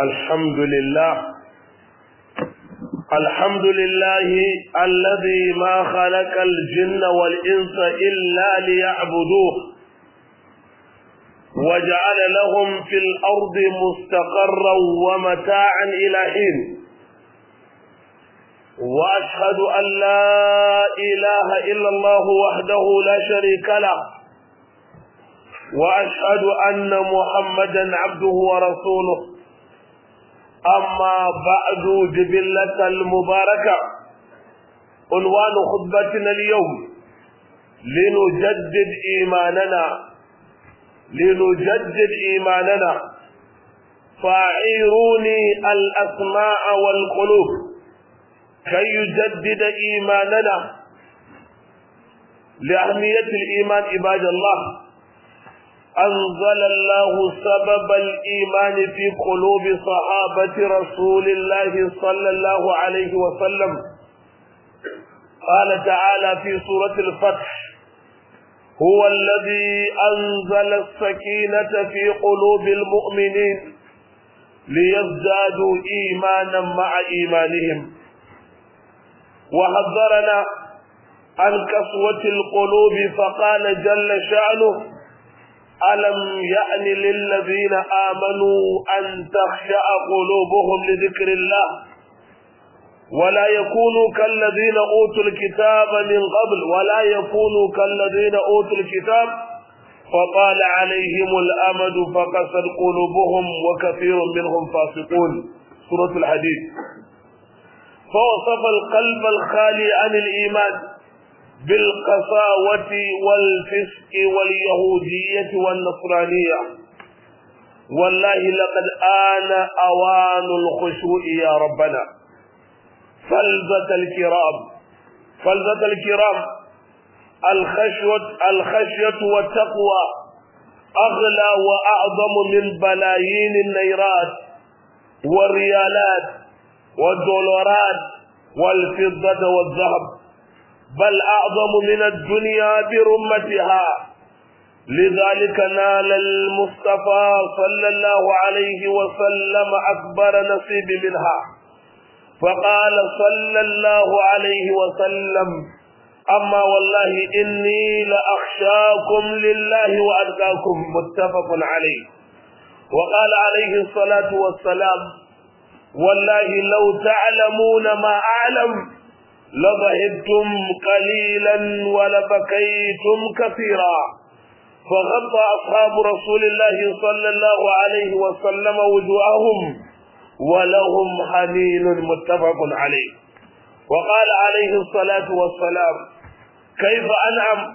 الحمد لله الحمد لله الذي ما خلق الجن والإنس إلا ليعبدوه وجعل لهم في الأرض مستقرا ومتاعا إلى حين وأشهد أن لا إله إلا الله وحده لا شريك له وأشهد أن محمدا عبده ورسوله أما بعد جبلة المباركة عنوان خطبتنا اليوم لنجدد إيماننا لنجدد إيماننا فاعيروني الأسماء والقلوب كي يجدد إيماننا لأهمية الإيمان عباد الله أنزل الله سبب الإيمان في قلوب صحابة رسول الله صلى الله عليه وسلم قال تعالى في سورة الفتح هو الذي أنزل السكينة في قلوب المؤمنين ليزدادوا إيمانا مع إيمانهم وحذرنا عن كسوة القلوب فقال جل شأنه ألم يأن للذين آمنوا أن تخشع قلوبهم لذكر الله ولا يكونوا كالذين أوتوا الكتاب من قبل ولا يكونوا كالذين أوتوا الكتاب فطال عليهم الأمد فقست قلوبهم وكثير منهم فاسقون سورة الحديث فوصف القلب الخالي عن الإيمان بالقساوة والفسق واليهودية والنصرانية والله لقد آن أوان الخشوع يا ربنا فلذة الكرام فلذة الكرام الخشوة الخشية والتقوى أغلى وأعظم من بلايين النيرات والريالات والدولارات والفضة والذهب بل أعظم من الدنيا برمتها لذلك نال المصطفى صلى الله عليه وسلم أكبر نصيب منها فقال صلى الله عليه وسلم أما والله إني لأخشاكم لله وأتقاكم متفق عليه وقال عليه الصلاة والسلام والله لو تعلمون ما أعلم لضحكتم قليلا ولبكيتم كثيرا فغطى أصحاب رسول الله صلى الله عليه وسلم وجوههم ولهم حنين متفق عليه وقال عليه الصلاة والسلام كيف أنعم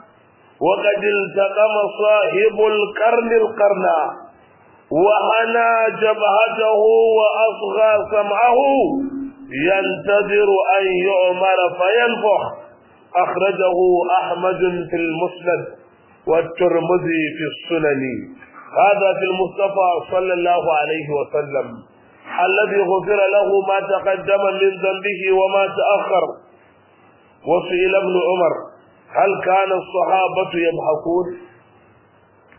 وقد التقم صاحب القرن القرن وهنا جبهته وأصغى سمعه ينتظر أن يؤمر فينفخ أخرجه أحمد في المسند والترمذي في السنن هذا في المصطفى صلى الله عليه وسلم الذي غفر له ما تقدم من ذنبه وما تأخر وسئل ابن عمر هل كان الصحابة يضحكون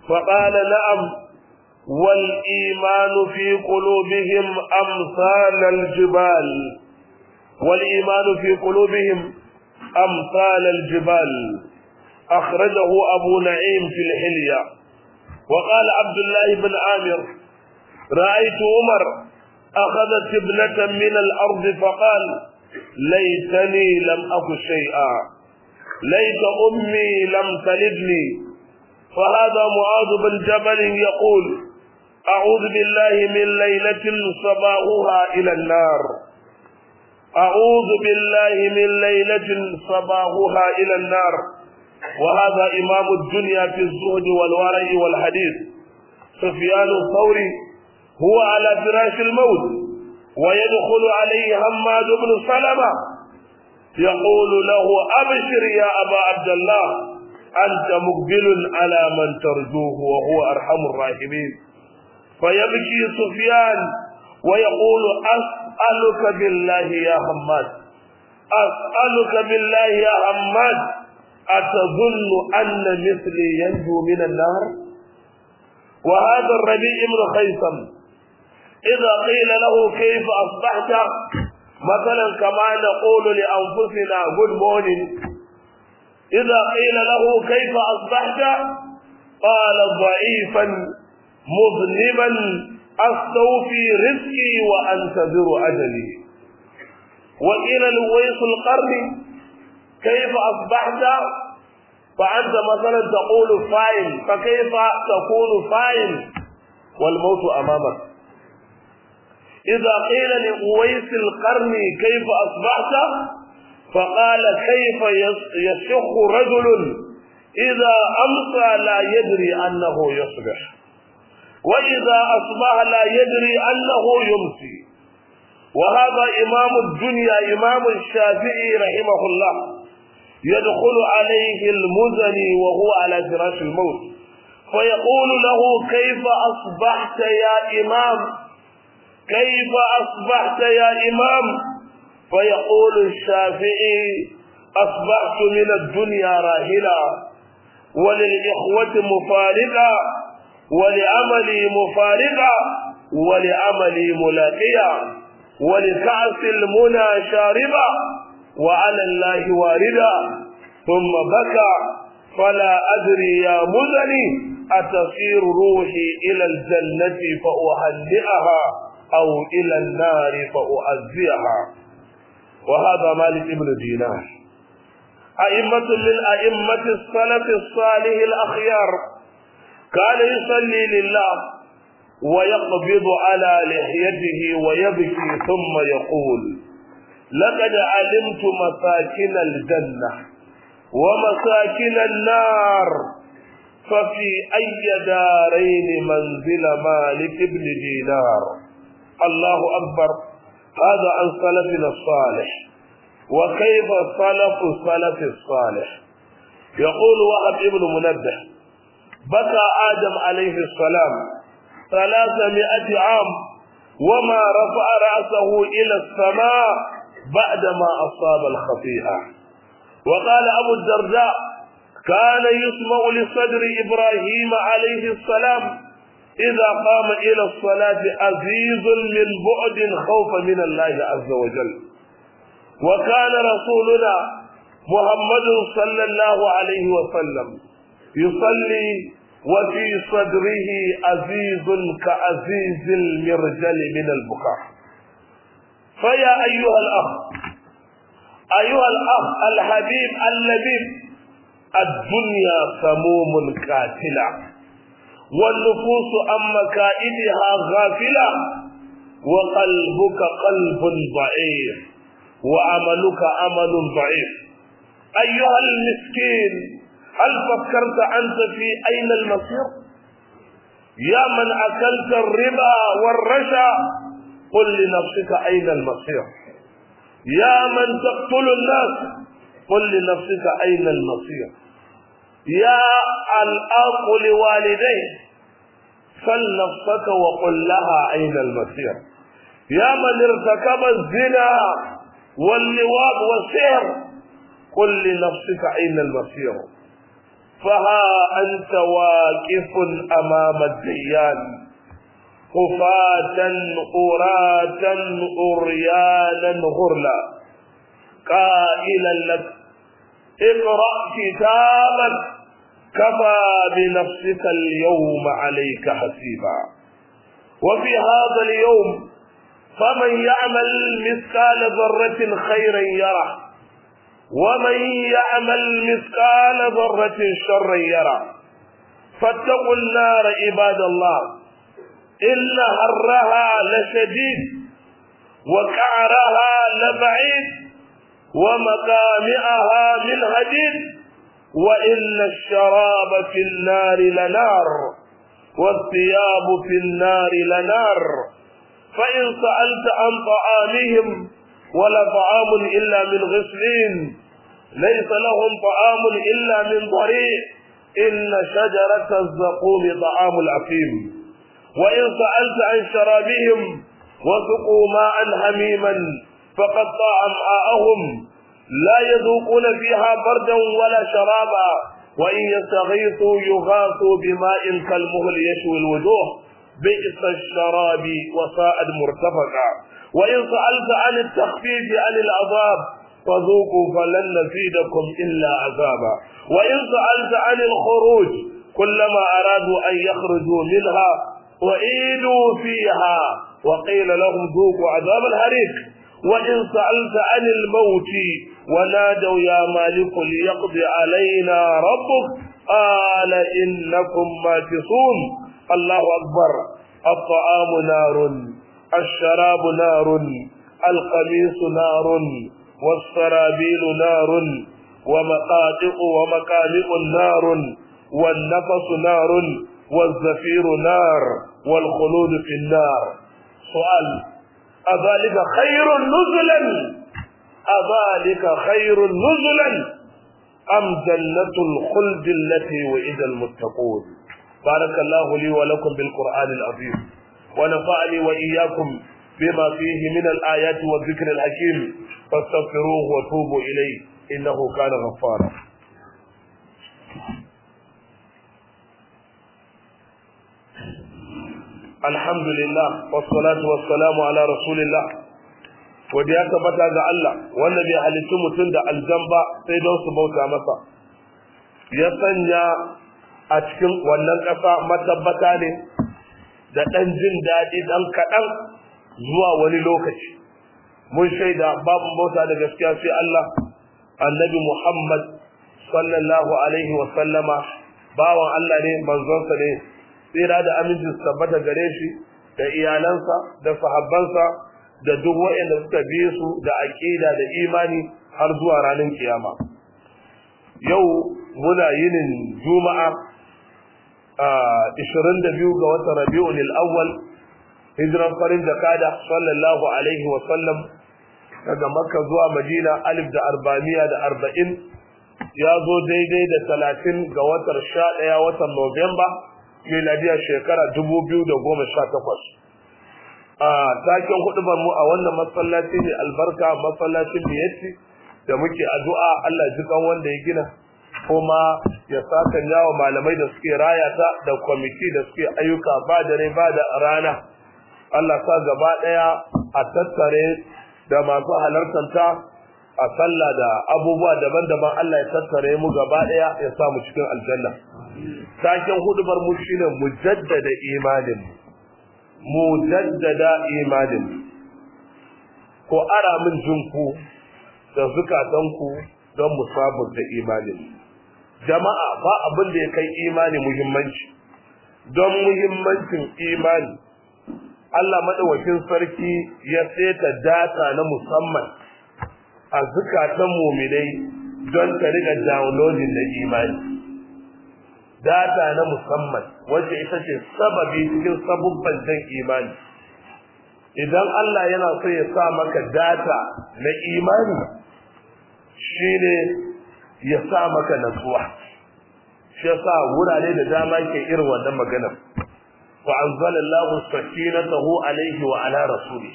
فقال نعم والإيمان في قلوبهم أمثال الجبال والإيمان في قلوبهم أمثال الجبال أخرجه أبو نعيم في الحلية وقال عبد الله بن عامر رأيت عمر أخذت ابنة من الأرض فقال ليتني لم أك شيئا ليت أمي لم تلدني فهذا معاذ بن جبل يقول أعوذ بالله من ليلة صباحها إلى النار أعوذ بالله من ليلة صباحها إلى النار وهذا إمام الدنيا في الزهد والورع والحديث سفيان الثوري هو على فراش الموت ويدخل عليه حماد بن سلمة يقول له أبشر يا أبا عبد الله أنت مقبل على من ترجوه وهو أرحم الراحمين فيبكي سفيان ويقول أسألك بالله يا حماد أسألك بالله يا حماد أتظن أن مثلي ينجو من النار وهذا الربيع بن خيثم إذا قيل له كيف أصبحت مثلا كما نقول لأنفسنا good morning إذا قيل له كيف أصبحت قال ضعيفا مذنبا أستوفي رزقي وأنتظر أجلي وإلى لويس القرن كيف أصبحت فأنت مثلا تقول فاين فكيف تكون فاين والموت أمامك إذا قيل لأويس القرن كيف أصبحت فقال كيف يشخ رجل إذا أمسى لا يدري أنه يصبح وإذا أصبح لا يدري أنه يمسي وهذا إمام الدنيا إمام الشافعي رحمه الله يدخل عليه المزني وهو على فراش الموت فيقول له كيف أصبحت يا إمام كيف أصبحت يا إمام فيقول الشافعي أصبحت من الدنيا راهلا وللإخوة مفارقا ولعملي مفارقة ولعملي ملاقية ولكعس المنى شاربة وعلى الله واردة ثم بكى فلا أدري يا مزني أتصير روحي إلى الجنة فأهنئها أو إلى النار فأعزيها وهذا مالك بن دينار أئمة للائمه السلف الصالح الأخيار كان يصلي لله ويقبض على لحيته ويبكي ثم يقول لقد علمت مساكن الجنة ومساكن النار ففي أي دارين منزل مالك بن دينار الله أكبر هذا عن سلفنا الصالح وكيف سلف سلف الصالح يقول وهب ابن منبه بكى آدم عليه السلام ثلاثمائة عام وما رفع رأسه إلى السماء بعدما أصاب الخطيئة وقال أبو الدرداء كان يسمع لصدر إبراهيم عليه السلام إذا قام إلى الصلاة عزيز من بعد خوف من الله عز وجل وكان رسولنا محمد صلى الله عليه وسلم يصلي وفي صدره عزيز كعزيز المرجل من البكاء فيا أيها الأخ أيها الأخ الحبيب اللبيب الدنيا سموم قاتلة والنفوس عن مكائدها غافلة وقلبك قلب ضعيف وعملك عمل ضعيف أيها المسكين هل فكرت أنت في أين المصير يا من أكلت الربا والرشا قل لنفسك أين المصير يا من تقتل الناس قل لنفسك أين المصير يا الأخ لوالديه سل نفسك وقل لها أين المصير يا من ارتكب الزنا واللواط والسير قل لنفسك أين المصير فها أنت واقف أمام الديان قفاة قراة أريانا غرلا قائلا لك اقرأ كتابك كفى بنفسك اليوم عليك حسيبا وفي هذا اليوم فمن يعمل مثقال ذرة خيرا يره ومن يعمل مثقال ذرة شرا يرى فاتقوا النار عباد الله إن حرها لشديد وكعرها لبعيد ومقامعها من حديد وإن الشراب في النار لنار والثياب في النار لنار فإن سألت عن طعامهم ولا طعام إلا من غسلين ليس لهم طعام إلا من ضريع إن شجرة الزقوم طعام العقيم وإن سألت عن شرابهم وسقوا ماء حميما فقد طاع أمعاءهم لا يذوقون فيها بردا ولا شرابا وإن يستغيثوا يغاثوا بماء كالمهل يشوي الوجوه بئس الشراب وساء مرتفقا وإن سألت عن التخفيف عن العذاب فذوقوا فلن نزيدكم إلا عذابا وإن سألت عن الخروج كلما أرادوا أن يخرجوا منها وإيدوا فيها وقيل لهم ذوقوا عذاب الهريق وإن سألت عن الموت ونادوا يا مالك ليقضي علينا ربك قال إنكم ماكثون الله أكبر الطعام نار الشراب نار القميص نار والسرابيل نار ومقاطق ومقالع نار والنفس نار والزفير نار والخلود في النار سؤال أذلك خير نزلا أذلك خير نزلا أم جنة الخلد التي وإذا المتقون بارك الله لي ولكم بالقرآن العظيم ونفعني وإياكم بما فيه من الآيات والذكر الحكيم فاستغفروه وتوبوا إليه إنه كان غفارا الحمد لله والصلاة والسلام على رسول الله wadda ya tabbata ga Allah wanda bai halittu mutum da aljamba sai don su bauta masa ya sanya a cikin wannan ƙasa matabbata ne da ɗan jin daɗi ɗan kaɗan zuwa wani lokaci mun shaida babu bauta da gaskiya sai Allah annabi Muhammad sallallahu alaihi wa sallama bawan Allah ne manzonsa ne tsira da amincin sabbata gare shi da iyalansa da sahabbansa da duk waɗanda suka bi su da aqida da imani har zuwa ranar kiyama yau muna yinin juma'a 22 ga watan rabi'un al-awwal hijiran farin jakada sallallahu alaihi wa sallam daga makka zuwa madina alif da arba'amiya da arba'in ya zo daidai da talatin ga watar sha ɗaya watan novemba miladiya shekara dubu biyu da goma sha takwas a taken hudubar mu a wannan masallaci ne albarka masallacin da da muke addu'a Allah ji kan wanda ya gina kuma ya saka yawa malamai da suke raya ta da kwamiti da suke ayyuka ba rai ba da rana Allah sa gaba daya a tattare da masu halartar ta a sallah da abubuwa daban-daban Allah ya tattare mu gaba daya ya sa mu cikin aljanna sakin hudubar mu shine mujaddada imanin jaddada imanin ko ara min jinku da zukatanku don mu sabunta imanin jama'a ba abin da ya kai imani muhimmanci don muhimmancin imani Allah madawacin sarki ya seta data na musamman a zukatan muminai don ta riga downloading da imani data na musamman wacce ita ce sababi cikin sabubban jan imani idan Allah yana so ya sa maka data na imani shi ne. ya sa maka natsuwa shi yasa wurare da dama ke irin wannan maganar wa anzalallahu sakinatahu alayhi wa ala rasuli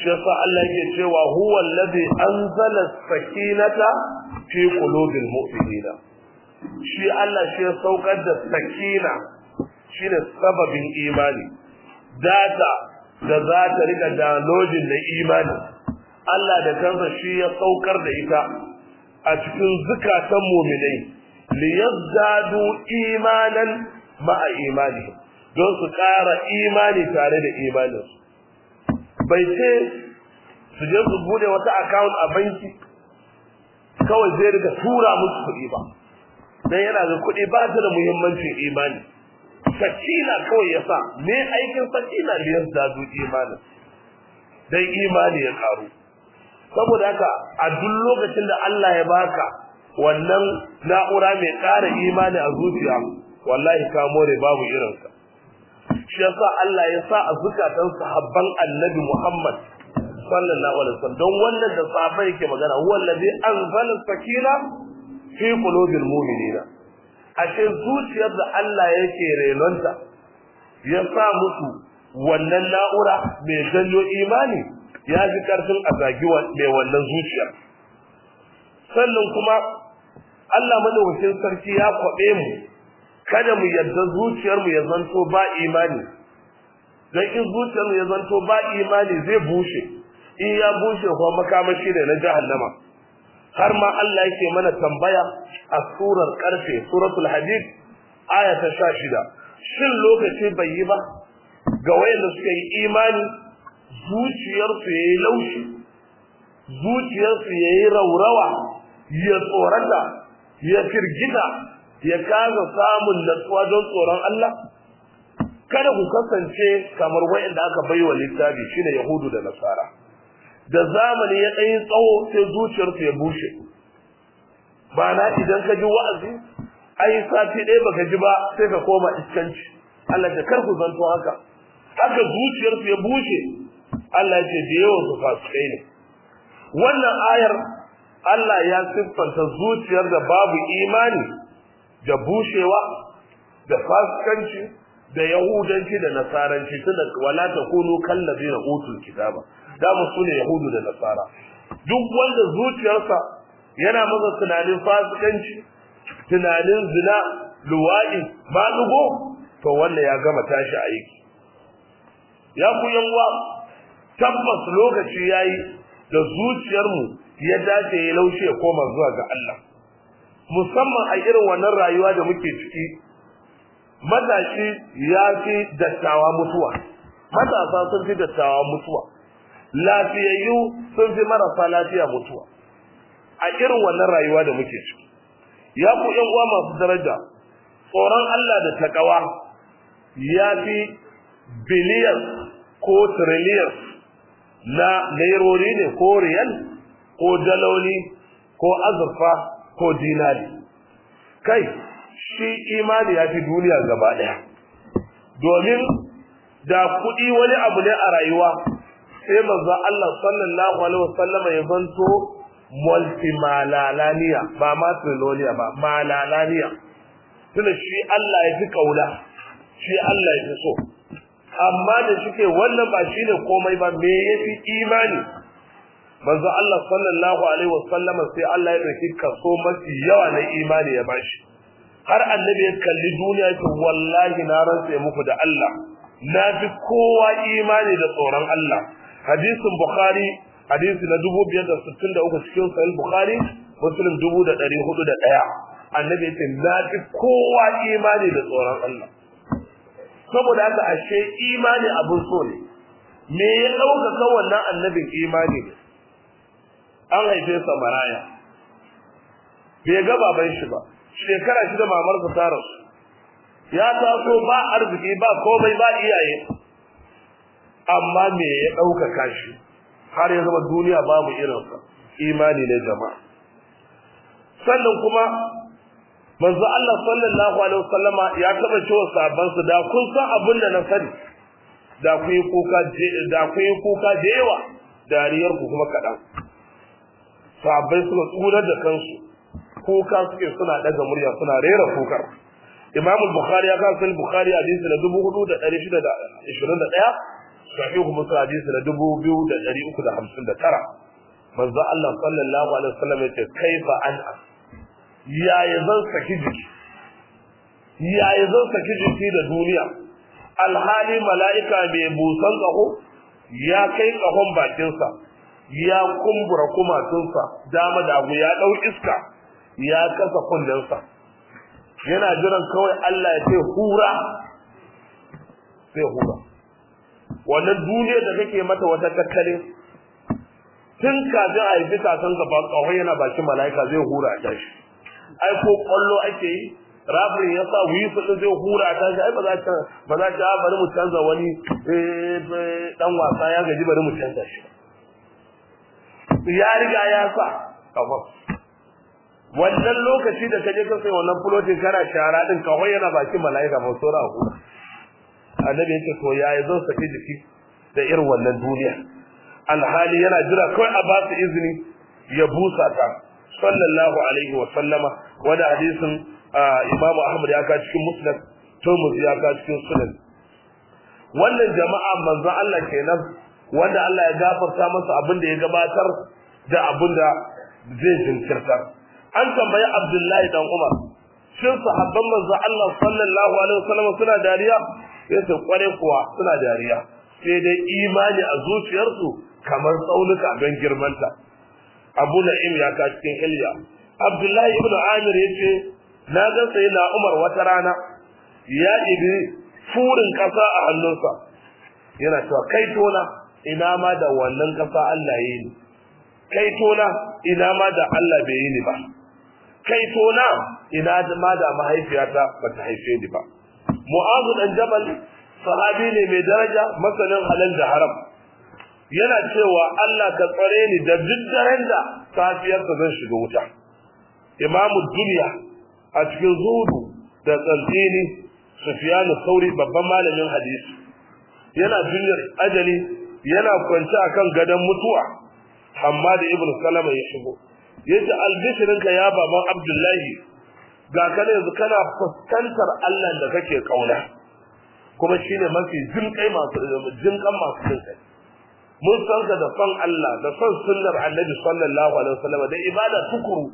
shi yasa Allah yake cewa huwa alladhi anzala sakinata fi qulubil mu'minina shi Allah shi ya saukar da sakina shine sababin imani data da za ta rika dalojin da imani Allah da kansa shi ya saukar da ita a cikin zukatan mu'minai liyazdadu imanan ma'a imani don su ƙara imani tare da imaninsu bai ce su je su bude wata account a banki kawai zai riga tura musu kuɗi ba dan yana ga kuɗi ba ta da muhimmancin imani sakina kawai ya sa me aikin sakina liyar da imani dan imani ya karu saboda haka a duk lokacin da Allah ya baka wannan na'ura mai ƙara imani a zuciya wallahi ka more babu irinsa shi yasa Allah ya sa a zukatan sahabban Annabi Muhammad sallallahu alaihi wasallam don wannan da sahabbai yake magana huwa allazi anzala sakina fi qulubil mu'minina ashe zuciyar da Allah yake renonta ya sa musu wannan na'ura mai janyo imani ya ji karfin a zagi mai wannan zuciya. sannan kuma Allah madawacin sarki ya kwaɓe mu kada mu yarda zuciyar mu ya zanto ba imani don in zuciyar ya zanto ba imani zai bushe in ya bushe kuma makamashi da na jahannama har ma Allah yake mana tambaya a surar karfe suratul hadid aya ta shida. shin lokaci bai yi ba ga wayanda suka yi imani zuciyarsu ya yi laushi zuciyarsu ya yi raurawa ya tsorata ya firgita ya kasa samun natsuwa don tsoron Allah kada ku kasance kamar wayanda aka baiwa littafi shi shine yahudu da nasara da zamani ya tsayi tsawo sai zuciyarsu ya bushe ba na idan ka ji wa'azi ai sati ɗaya baka ji ba sai ka koma iskanci Allah da kar ku zanto haka haka zuciyarsu ya bushe Allah ce da yawan su fasikai ne wannan ayar Allah ya siffanta zuciyar da babu imani da bushewa da fasikanci da yahudanci da nasaranci tunda wala takunu kallazina utul kitaba da mu sune yahudu da nasara duk wanda zuciyarsa yana masa tunanin fasikanci tunanin zina luwa'i, malugo to wanda ya gama tashi aiki ya ku yanwa tabbas lokaci yayi da zuciyarmu ya dace ya laushe ya koma zuwa ga Allah musamman a irin wannan rayuwa da muke ciki matashi ya fi dattawa mutuwa matasa sun fi dattawa mutuwa lafiyayyu sun fi marasa lafiya mutuwa a irin wannan rayuwa da muke ciki ya ku uwa masu daraja tsoron Allah da takawa ya fi biliyan ko trillion na nairori ne ko riyal ko daloli ko azurfa ko dinari kai shi imani ya fi duniya gaba ɗaya domin da kuɗi wani abu ne a rayuwa sai manzo Allah sallallahu alaihi wasallam ya zanto multimalalaniya ba ma ba malalaniya tunda shi Allah ya fi kaula shi Allah ya fi so amma da shike wannan ba shine komai ba me yafi imani manzo Allah sallallahu alaihi wasallama sai Allah ya dauki kaso mafi yawa na imani ya bashi har annabi ya kalli duniya ce wallahi na rantsa muku da Allah na fi kowa imani da tsoron Allah hadisin bukhari hadisi na 563 cikin sahih bukhari muslim 1401 annabi ya ce na fi kowa imani da tsoron Allah saboda haka ashe imani abun so ne me ya ɗaukaka wannan annabin imani ne an haife sa maraya bai ga baban shi ba shekara shida mamarsa ta rasu ya taso ba arziki ba komai ba iyaye amma me ya ɗaukaka shi har ya zama duniya babu irinsa imani ne jama'a sannan kuma manzo Allah sallallahu alaihi wasallama ya taba cewa sahabban su da kun san abin da na sani da ku yi kuka da ku yi kuka da yawa dariyar ku kuma kadan sahabbai suka tsura da kansu kuka suke suna daga murya suna rera kukar Imam Bukhari ya kawo Bukhari hadisi na 4621 sahihu Musa hadisi na 2359 manzo Allah sallallahu alaihi wasallam ya ce kaifa an'a. yaya zan saki jiki yaya zan saki jiki da duniya alhali mala'ika mai busan ƙaho ya kai ƙahon bakinsa ya kumbura kumatunsa dama da abu ya ɗau iska ya kasa kullensa yana jiran kawai Allah ya ce hura sai hura wannan duniyar da kake mata wata tattale tun kafin a yi bisa san gaba ƙahon yana bakin mala'ika zai hura a tashi ai ko kwallo ake yi rafin ya sa wuyi din zai hura ta shi ai ba za ta ba za ta ah, bari mu canza wani dan eh, wasa ya gaji bari mu canza shi ya riga ya sa kafa wannan lokaci da kaje ka sai wannan fulotin kana shara din ka yana bakin malaika ba sura ku annabi yake to yayi zan saki jiki da irin wannan duniya alhali yana jira kawai a ba su izini ya busa ta sallallahu alaihi wa sallama wanda hadisin imamu ahmad ya ka cikin musnad turmus ya ka cikin sunan wannan jama'a manzon Allah kenan wanda Allah ya gafarta masa abin da ya gabatar da abin da zai jinkirta. an tambayi abdullahi dan umar shin sahabban manzon Allah sallallahu alaihi wasallam suna dariya yace kware kuwa suna dariya sai dai imani a zuciyarsu kamar tsaunuka don girmanta abu na'im ya ka cikin ilya abdullahi ibn amir yace na sai na umar wata rana ya ibi furin kasa a hannunsa yana cewa kai tona ina ma da wannan kasa Allah yi ni kai tona ina ma da Allah bai yi ni ba kai tona ina ma da mahaifiyata ba ta haife ni ba mu'azu dan jabal sahabi ne mai daraja masanin halal da haram yana cewa Allah ka tsare ni da duk daren da safiyarsa zan shiga wuta imamu duniya a cikin zuhudu da tsantini sufiyanu sauri babban malamin hadisi yana jinyar ajali yana kwance akan gadon mutuwa amma da ibnu salama ya shigo yace albishirinka ya baban abdullahi ga kana yanzu kana fuskantar Allah da kake kauna kuma shine mafi jinkai masu jinkan masu jinkai mun san ka da san Allah da san sunnar Annabi sallallahu alaihi wasallam da ibada tukuru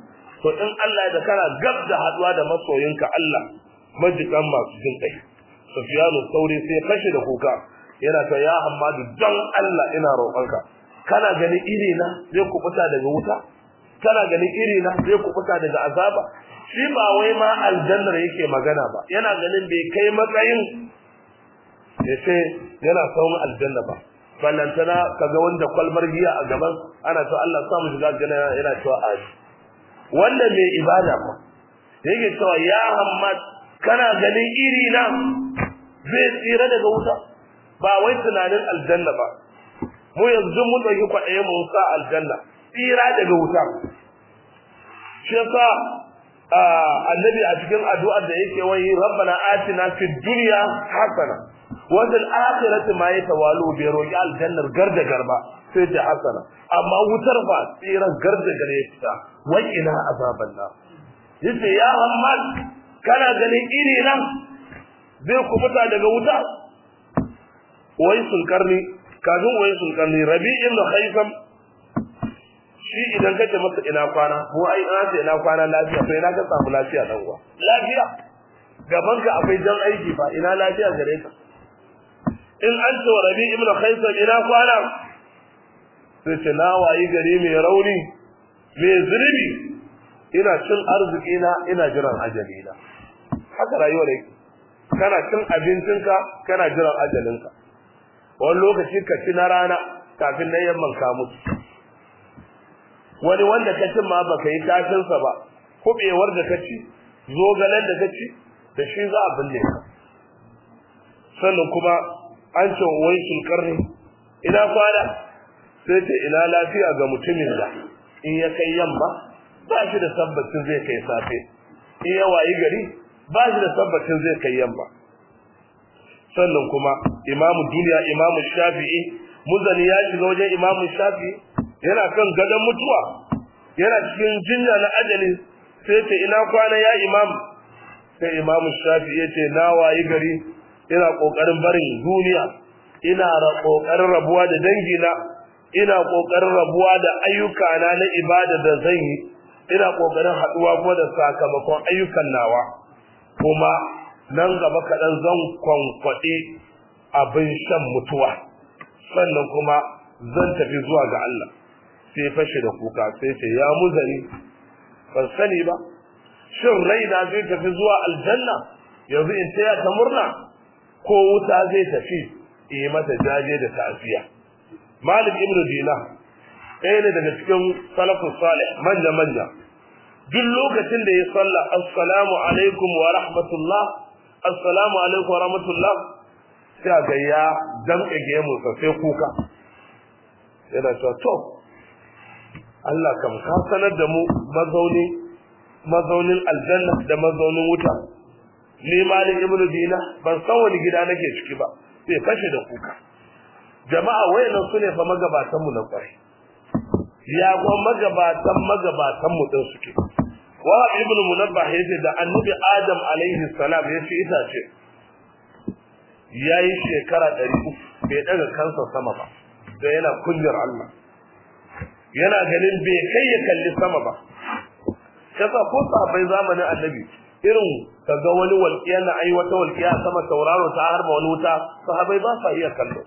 to in Allah da kana gab da haduwa da masoyinka Allah majikan masu jin kai Sufyanu sauri sai kashi da kuka yana ta ya Hammadu dan Allah ina roƙonka kana gani iri na zai fita daga wuta kana gani iri na zai fita daga azaba shi ba wai ma aljannar yake magana ba yana ganin bai kai matsayin ya ce yana sauran aljanna ba ballantana kaga wanda kwalbar giya a gaban ana ta Allah samu shiga aljanna yana cewa aji wanda mai ibada ba yake cewa ya hammad kana ganin iri na zai tsira daga wuta ba wai tunanin aljanna ba mu yanzu mun dauki kwaɗaye mu sa aljanna tsira daga wuta shi yasa ah, annabi a cikin addu'ar da yake wai rabbana atina fid dunya hasana Wajen bil akhirati ma yatawalu bi roki aljannar garda garba sai da hasana amma wutar ba tsiran garda gare ta wa ina azaban na? yace ya hammal kana ganin iri nan zai kubuta daga wuta wai sun karni? kafin wai sun karni rabi ibn khaisam shi idan kace masa ina kwana ko ai ina ce ina kwana lafiya to ina ka samu lafiya dan uwa lafiya gaban ka akwai jan aiki ba, ina lafiya gare ka in an ce wa rabi ibn khaisan ina kwana sai ce na wayi gari mai rauni mai zurbi ina cin arziki na ina jiran ajali na haka rayuwar yake kana cin abincinka kana jiran ajalinka wani lokaci ka ci na rana kafin na yamma ka mutu wani wanda ka cin ma baka yi kafinsa ba kubewar da ka ci zogalen da ka ci da shi za a binne ka sannan kuma an ce wai ne, ina kwana sai ce ina lafiya ga mutumin da in ya kai yamma ba shi da tabbacin zai kai safe in ya wayi gari ba shi da tabbacin zai kai yamma sannan kuma imamu duniya imamu shafi'i muzani ya shiga wajen imamu shafi'i yana kan gadon mutuwa yana cikin jinya na ajali sai ce ina kwana ya imam sai imamu shafi'i ya ce na wayi gari ina kokarin barin duniya ina kokarin rabuwa da dangina ina kokarin rabuwa da ayyukana na ibada da zan yi ina kokarin haduwa kuma da sakamakon ayyukan nawa kuma nan gaba kaɗan zan kwankwade abin shan mutuwa sannan kuma zan tafi zuwa ga Allah sai fashe da kuka sai ce ya muzari ban sani ba shin Rai raina zai tafi zuwa aljanna yanzu in taya ta murna ko wuta zai tafi e mata jaje da tafiya malik ibn dina ɗaya ne daga cikin salafus salih manja manja duk lokacin da ya salla assalamu alaikum wa rahmatullah assalamu alaikum wa rahmatullah sai ga ya danka gemu sai kuka yana cewa to Allah kam ka sanar da mu mazauni mazaunin aljanna da mazaunin wuta ni malin ibnu dina ban san wani gida nake ciki ba sai fashe da kuka jama'a wayannan sune fa magabatan mu na kwarai ya magabatan magabatan mu din suke wa ibnu munabbah yace da annabi adam alaihi salam yace ita ce yayi shekara 300 bai daga kansa sama ba sai yana kullur Allah yana ganin bai kai ya kalli sama ba kasa ko sabai zamanin annabi irin kaga wani walƙiya na ai wata walƙiya sama sauraro ta harba wani wuta sahabai ba sa iya kallo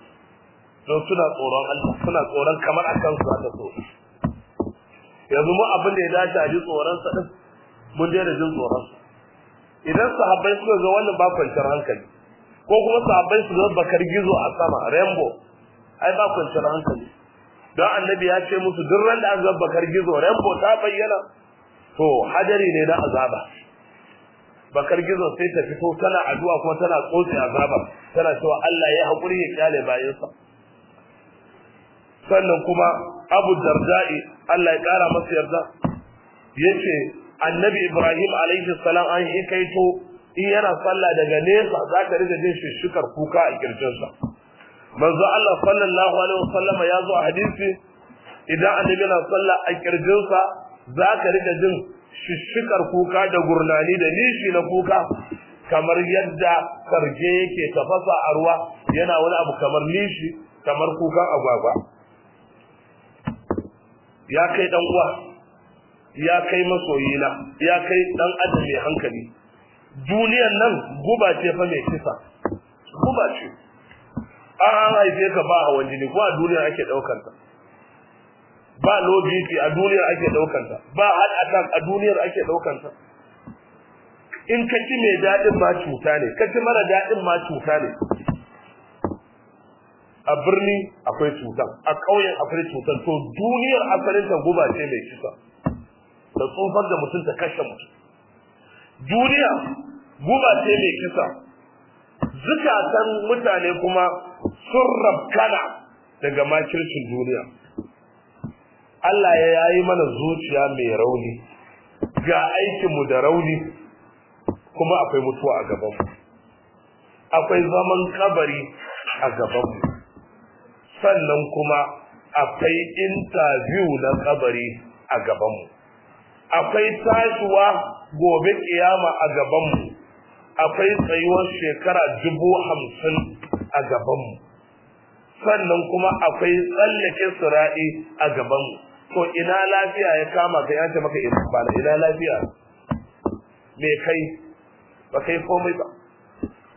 don suna tsoron Allah suna tsoron kamar akan su aka so yanzu mu abin da ya dace a ji tsoron sa din mun daina jin tsoron sa idan sahabbai suka ga wannan ba kwanciyar hankali ko kuma sahabbai su ga bakar gizo a sama rainbow ai ba kwanciyar hankali don annabi ya ce musu duk ran da an ga bakar gizo rainbow ta bayyana to hadari ne na azaba bakar gizo sai ta fito tana addu'a kuma tana tsotsi azaba tana cewa Allah ya hakuri ya kyale bayansa sannan kuma Abu Darda'i Allah ya ƙara masa yarda yace Annabi Ibrahim alaihi salam an yi kaito in yana sallah daga nesa za ka riga jin shishikar kuka a kirjinsa manzo Allah sallallahu alaihi Sallama ya zo a hadisi idan annabi yana sallah a kirjinsa za ka riga jin shishikar kuka da gurnani da nishi na kuka kamar yadda karje yake tafasa a ruwa yana wani abu kamar nishi kamar kukan agwagwa ya kai dan uwa ya kai masoyina ya kai dan adam mai hankali duniyan nan guba ce fa mai kisa guba ce an haife ka ba hawan jini ko a duniya ake daukar ta ba logiki a duniyar ake daukanta ba a attack a duniyar ake daukanta in ka ci mai dadin ma cuta ne ka ci mara daɗin ma cuta ne a birni akwai cutan a ƙauyen akwai cutan to duniyar asalin ta guba ce mai kisa da tsofar da mutum ta kashe mutum duniya guba ce mai kisa zukatan mutane kuma sun rabkana daga makircin duniya Allah ya yayi mana zuciya mai rauni ga aikinmu da rauni kuma akwai mutuwa a gabanmu akwai zaman kabari a gabanmu sannan kuma akwai interview na kabari a gabanmu akwai tashiwa gobe kiyama a gabanmu akwai tsayuwar shekara dubu hamsin a gabanmu sannan kuma akwai tsallake sura'i a gabanmu to ina lafiya ya kama ka ya ce maka ina eh, ina lafiya me kai ba kai komai ba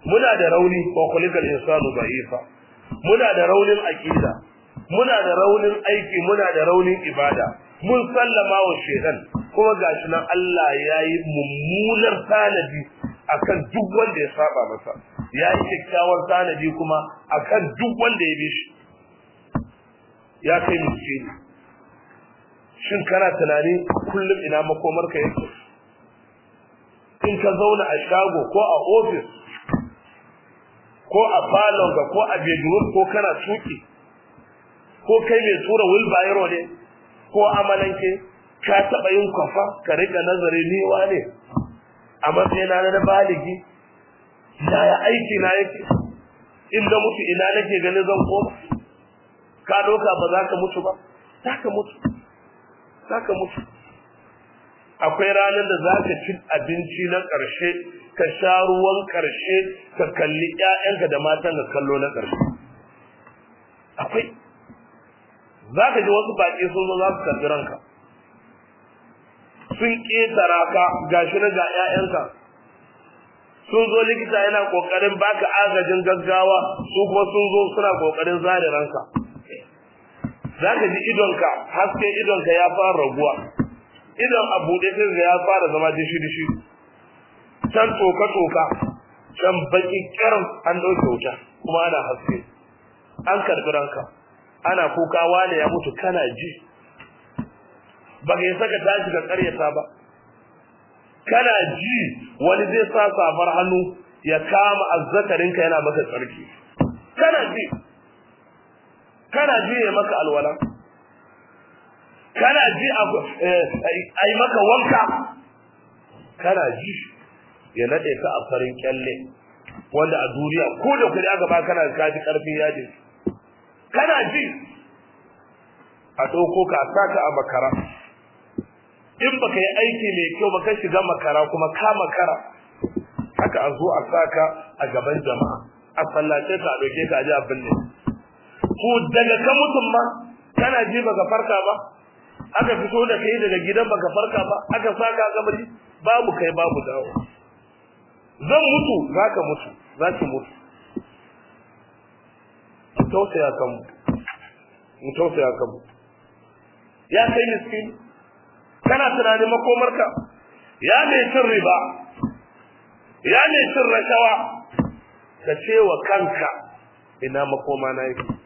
muna da rauni ko kulikal insanu da'ifa muna da raunin aqida muna da raunin aiki muna da raunin ibada mun sallama wa shedan kuma gashi nan Allah yayi mummunar tanadi akan duk wanda ya saba masa yayi kyakkyawar sanadi kuma akan duk wanda ya bi shi ya kai miskini shin kana tunani kullum ina makomarka yake in ka zauna a shago ko a ofis ko a falon ga ko a bedroom ko kana tuki ko kai mai tura wilbayero ne ko amalanke ka taɓa yin kwafa ka riga nazari ni ne a matsayina na baligi yaya aiki na yake inda mutu ina nake ganin zan koma ka doka ba za ka mutu ba za ka mutu zaka mutu akwai ranar da zaka ci abinci na ƙarshe ka sha ruwan ƙarshe ka kalli ƴaƴanka da matan ka kallo na ƙarshe akwai zaka ji wasu baƙi sun zo za su ranka sun ƙetara ka gashi na ga ƴaƴanka sun zo likita yana ƙoƙarin baka agajin gaggawa su kuma sun zo suna ƙoƙarin zare ranka za ka ji idonka haske idonka ya fara raguwa idon a buɗe sai ya fara zama dishi dishi can toka toka can baki kiran an ɗauke wuta kuma ana haske an karɓi ranka ana kuka wane ya mutu kana ji ba ka yi saka tashi da ƙaryata ba kana ji wani zai sa safar hannu ya kama azzakarinka yana maka tsarki kana ji kana ya maka alwala kana ji ai eh, maka wanka kana ji ya nade ka a farin kyalle wanda a duniya ko da kudi aka ba kana ka ji karfin yaji kana ji a dauko ka saka a makara in baka yi aiki mai kyau ba ka shiga makara kuma ka makara haka a zo a saka a gaban jama'a a sallace ka a doke ka a ji abin ne ko daga ka mutum ma kana ji baka farka ba aka fito da kai daga gidan baka farka ba aka saka kabari babu kai babu dawo zan mutu zaka mutu zaki mutu mu tausaya kan mu tausaya kan ya kai miskin kana tunanin makomarka ya mai cin riba ya mai cin rashawa ka ce wa kanka ina makoma na yake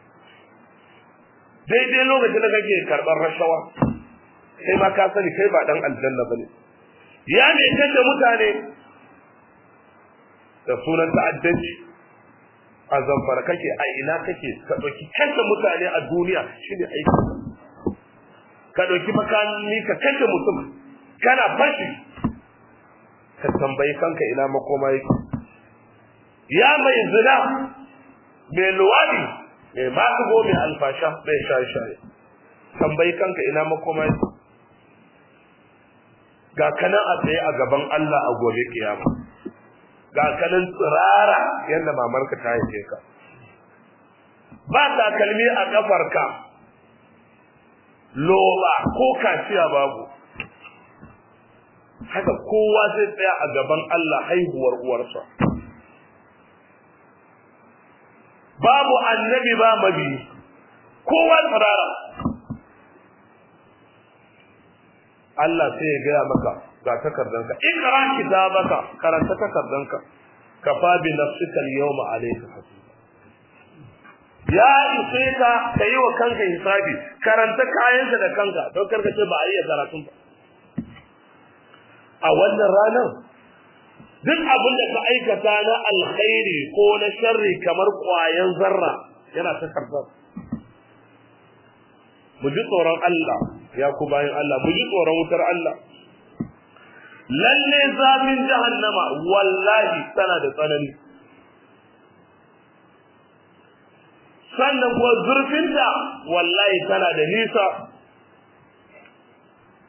daidai lokacin da kake karɓar rashawa sai ma ka sani kai ba dan aljanna bane ya ne da mutane da sunan ta'addanci a zamfara kake a ina kake ka ɗauki kanta mutane a duniya shi ne aiki ka ɗauki makami ka kanta mutum kana fashi ka tambayi kanka ina makoma yake ya mai zina mai luwadi mai maɗigo mai alfasha mai shaye-shaye tambayi kanka ina makoma ga kanan a tsaye a gaban Allah a gobe kiyama ga kanan tsirara yadda mamarka ta haife ka ba takalmi a kafarka loba ko kaciya babu haka kowa zai tsaya a gaban Allah haihuwar uwarsa babu annabi ba mabi kowa tsirara Allah sai ya gaya maka ga takardanka in kara maka karanta takardanka fa bi nafsika al-yawma alayka hasiba ya isa ka kai wa kanka hisabi karanta kayanka da kanka don karka ce ba a iya karatun ba a wannan ranar duk abin da ka aikata na alkhairi ko na sharri kamar kwayan zarra yana takardar. mu ji tsoron Allah ya ku bayan Allah mu ji tsoron wutar Allah lalle zafin jahannama wallahi tana da tsanani sannan kuwa zurfinta wallahi tana da nisa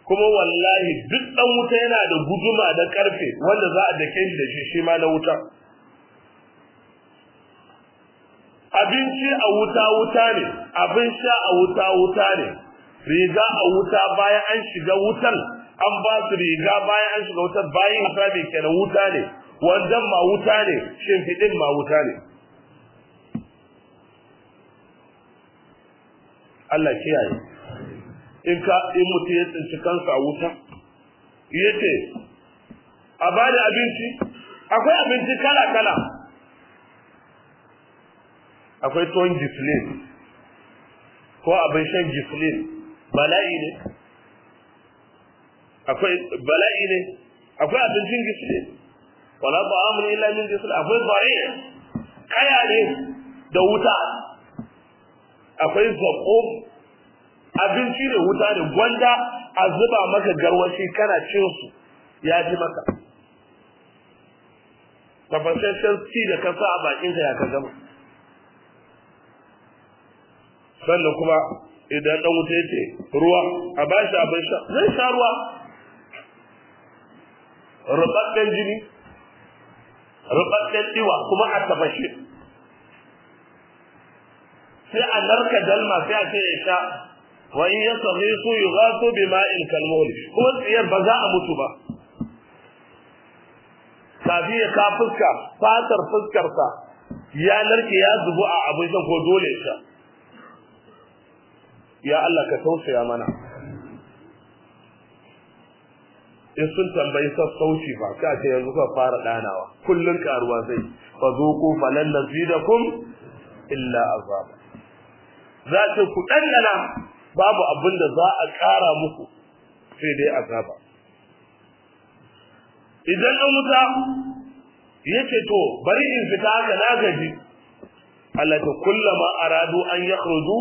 kuma wallahi duk dan wuta yana da guduma da karfe wanda za a dake shi da shi shi ma na wuta abinci a wuta wuta ne abin sha a wuta wuta ne riga a wuta bayan an shiga wutan an ba su riga bayan an shiga wutan bayan sabi kenan wuta ne wandan ma wuta ne fidin ma wuta ne Allah kiyaye in ka in mutum ya tsinci kansa a wuta ya ce a ba da abinci akwai abinci kala kala akwai tuwon gifle ko abin shan gifle bala'i ne akwai bala'i ne akwai abincin gifle wala ta'amun illa min gifle akwai bari kaya ne da wuta akwai zakob abinci ne wuta ne gwanda a zuba maka garwashi kana cin su ya ji maka tabbatacciyar ci da ka sa a bakinka ya ka gama sannan kuma idan dan wuta yake ruwa a bashi abin sha zai sha ruwa rubaɗɗen jini rubaɗɗen diwa kuma a tafashi sai a narka dalma sai a ce ya sha wa in yastaghisu yughathu bima'in kalmuhl kuma tsiyar ba za a mutu ba kafi ya ka fuska fatar fuskarsa ya narke ya zubu a abin ko dole sha ya Allah ka tausaya mana in sun tambayi sassauci ba ka ce yanzu ka fara danawa kullun karuwa zai fa zuqu falan nazidakum illa azab za ku dandana babu abin da za a ƙara muku sai dai azaba idan ɗan wuta ce to bari in fita haka na gaji Allah ta kullama aradu an yakhruju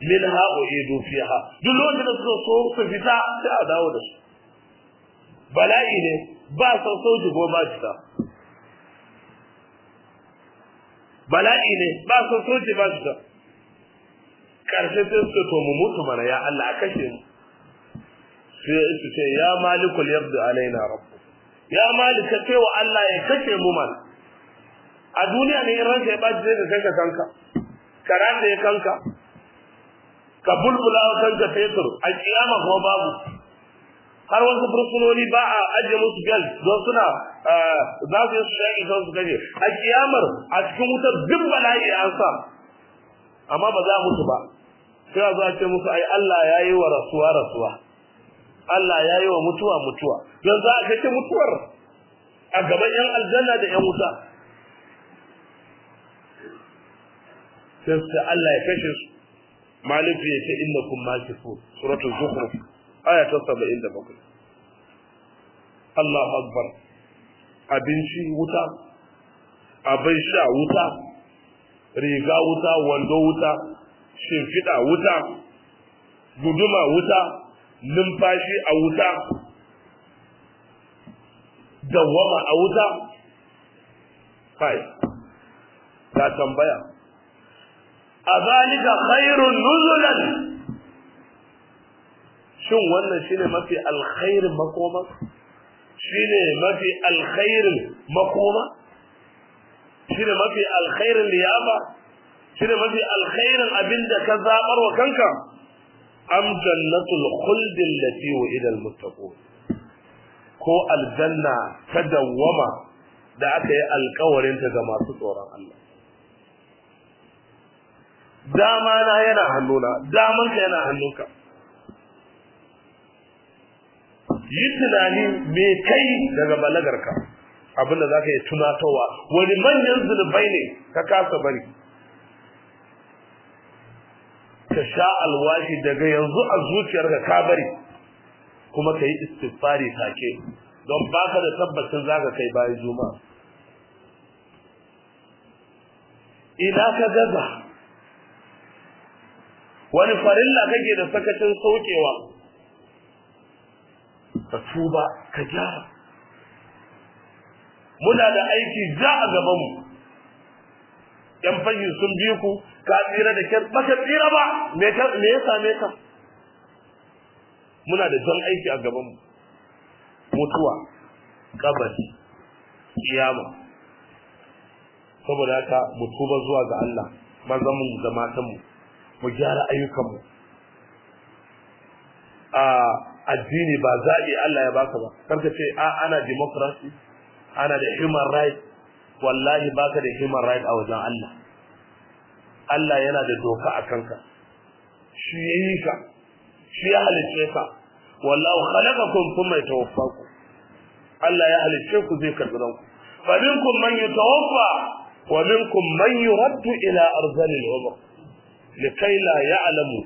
minha uidu fiha duk lokacin da suka so su fita sai a dawo da su bala'i ne ba sau sauji ma fita bala'i ne ba sau sauji ba fita karshe sai su to mu mutu mana ya Allah a kashe mu sai su ce ya malikul yabdu alaina rabbu ya malika ce wa Allah ya kashe mu mana a duniya ne in ranka ya baci zai kai ka kanka kara da kanka ka bulbula kanka fetur a kiyama ko babu har wasu fursunoni ba a ajiye musu bel don suna eh, za su yi su shaƙi don su kashe a kiyamar a cikin wutar duk bala'i an sa amma ba za mutu ba sai a zo a ce musu ai Allah ya yi wa rasuwa rasuwa Allah ya yi wa mutuwa mutuwa don za a kashe mutuwar a gaban yan aljanna da yan wuta sai Allah ya kashe su malik ya ce innakum makifu suratul zukhruf aya ta 77 Allahu akbar abinci wuta abin sha wuta riga wuta wando wuta shimfiɗa wuta guduma wuta numfashi a wuta dawwama a wuta kai ta tambaya a zalika khairun nuzulan shin wannan shine mafi alkhairin makoma shine mafi alkhairin makoma shine mafi alkhairin liyaba shine mafi alkhairin abin da ka zabar wa kanka am jannatul khuld allati wa'ida almuttaqun ko aljanna ta da aka yi alkawarin ta ga masu tsoron Allah dama na yana hannuna ka yana hannunka yi tunani me kai daga balagarka abinda za ka yi tunatowa wani manyan zunubai ne ka kasa bari ka sha alwashi daga yanzu a zuciyarka ka bari kuma ka yi istighfari take don baka da tabbacin zaka kai bayan juma'a ina ka gaza wani farilla kake da sakacin saukewa ka tuba ka gyara muna da aiki za a mu. yan fashi sun bi ku ka tsira da kyar baka tsira ba me me ya same ka muna da jan aiki a gaban mu mutuwa kabari kiyama saboda haka mu tuba zuwa ga Allah mazan mu da matan mu mu gyara ayyukan mu a addini ba zaɓi Allah ya baka ba karka ce a ana democracy ana da human right wallahi baka da human right a wajen Allah Allah yana da doka a kanka shi ya yi ka shi ya halicce ka wallahu khalaqakum thumma yatawaffakum Allah ya halicce ku zai karbi ranku fa minkum man yatawaffa wa minkum man yuraddu ila arzalil umr likai la ya'lamu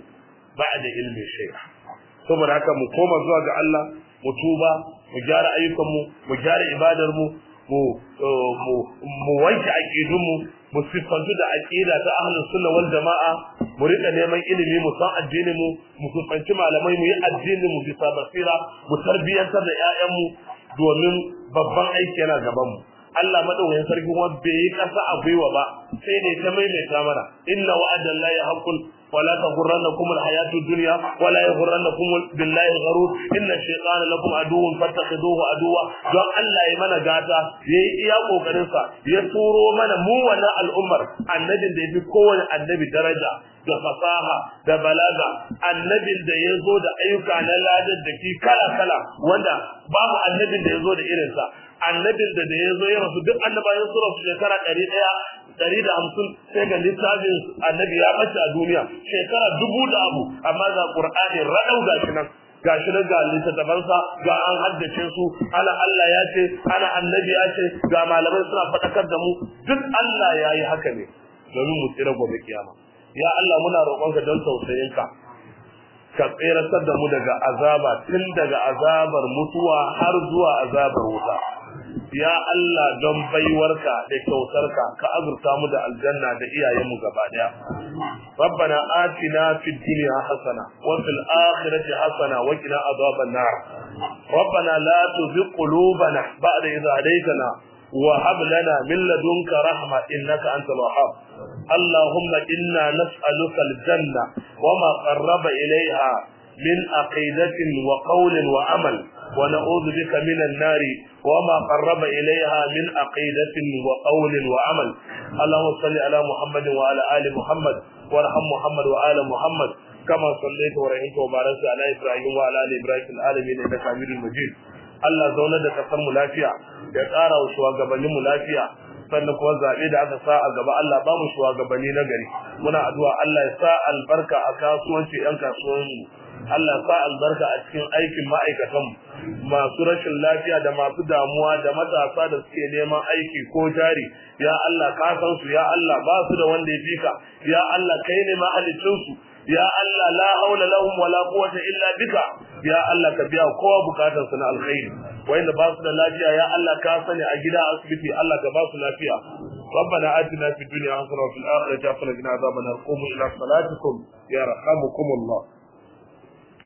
ba'da ilmi shay'a saboda haka mu koma zuwa ga Allah mu tuba mu gyara ayyukan mu mu gyara ibadar mu mu mu wanke aqidun mu mu siffantu da aqida ta ahlus sunna wal jamaa mu rika neman ilimi mu san addinin mu mu siffanci malamai mu yi addinin mu bisa basira mu tarbiyyantar da ƴaƴan mu domin babban aiki yana gaban mu Allah madaukakin sarkin wa bai yi kasa a gwiwa ba sai ne ta maimaita mana inna wa'adallahi haqqun ولا تغرنكم الحياة الدنيا ولا يغرنكم بالله الغرور إن الشيطان لكم عدو فاتخذوه عدوا don Allah ya mana gata ya yi iya ya turo mana mu wannan al'ummar annabin da ya fi kowane annabi daraja da fasaha da balaga annabin da ya zo da ayyuka na ladar da kala kala wanda babu annabin da ya zo da irinsa annabin da ya zo ya rasu duk annabawan su rasu shekara ɗari ɗaya ɗari da hamsin sai ga littafin annabi ya ɓace a duniya shekara dubu da abu amma ga ƙur'ani raɗau ga shi nan ga shi nan ga littattafansa ga an haddace su ana Allah ya ce ana annabi ya ce ga malamai suna faɗakar da mu duk Allah ya yi haka ne domin mu tsira gobe kiyama ya Allah muna roƙonka don tausayinka ka tseratar da mu daga azaba tun daga azabar mutuwa har zuwa azabar wuta ya Allah don baiwarka da kyautarka ka azurta mu da aljanna da iyayenmu gaba daya rabbana atina fid dunya hasana wa fil akhirati hasana wa qina adhaban nar rabbana la tuzigh qulubana ba'da idh hadaytana wa hab lana min ladunka rahma innaka antal wahhab allahumma inna nas'aluka aljanna wa ma qarraba ilayha min aqidatin wa qawlin wa amal ونعوذ بك من النار وما قرب إليها من عقيدة وقول وعمل اللهم صل على محمد وعلى آل محمد وارحم محمد وآل محمد كما صليت ورحمت وباركت على إبراهيم وعلى آل إبراهيم في العالمين إنك حميد مجيد Allah zaune da kasar mu lafiya ya ƙara wa shugabannin mu lafiya sannan kuma zaɓe da aka sa a gaba Allah ba mu shugabanni na gari muna addu'a Allah ya sa albarka a kasuwanci ɗan kasuwanci Allah sa albarka a cikin aikin ma'aikatan masu rashin lafiya da masu damuwa da matasa da suke neman aiki ko jari ya Allah ka san su ya Allah ba su da wanda ya fika ya Allah kai ne mahalicin su ya Allah la haula lahum wala quwwata illa bika ya Allah ka biya kowa bukatar su na alkhairi wanda ba su da lafiya ya Allah ka sani a gida asibiti Allah ka ba su lafiya ربنا آتنا في الدنيا حسنة وفي الآخرة حسنة وقنا عذاب النار قوموا إلى صلاتكم يرحمكم الله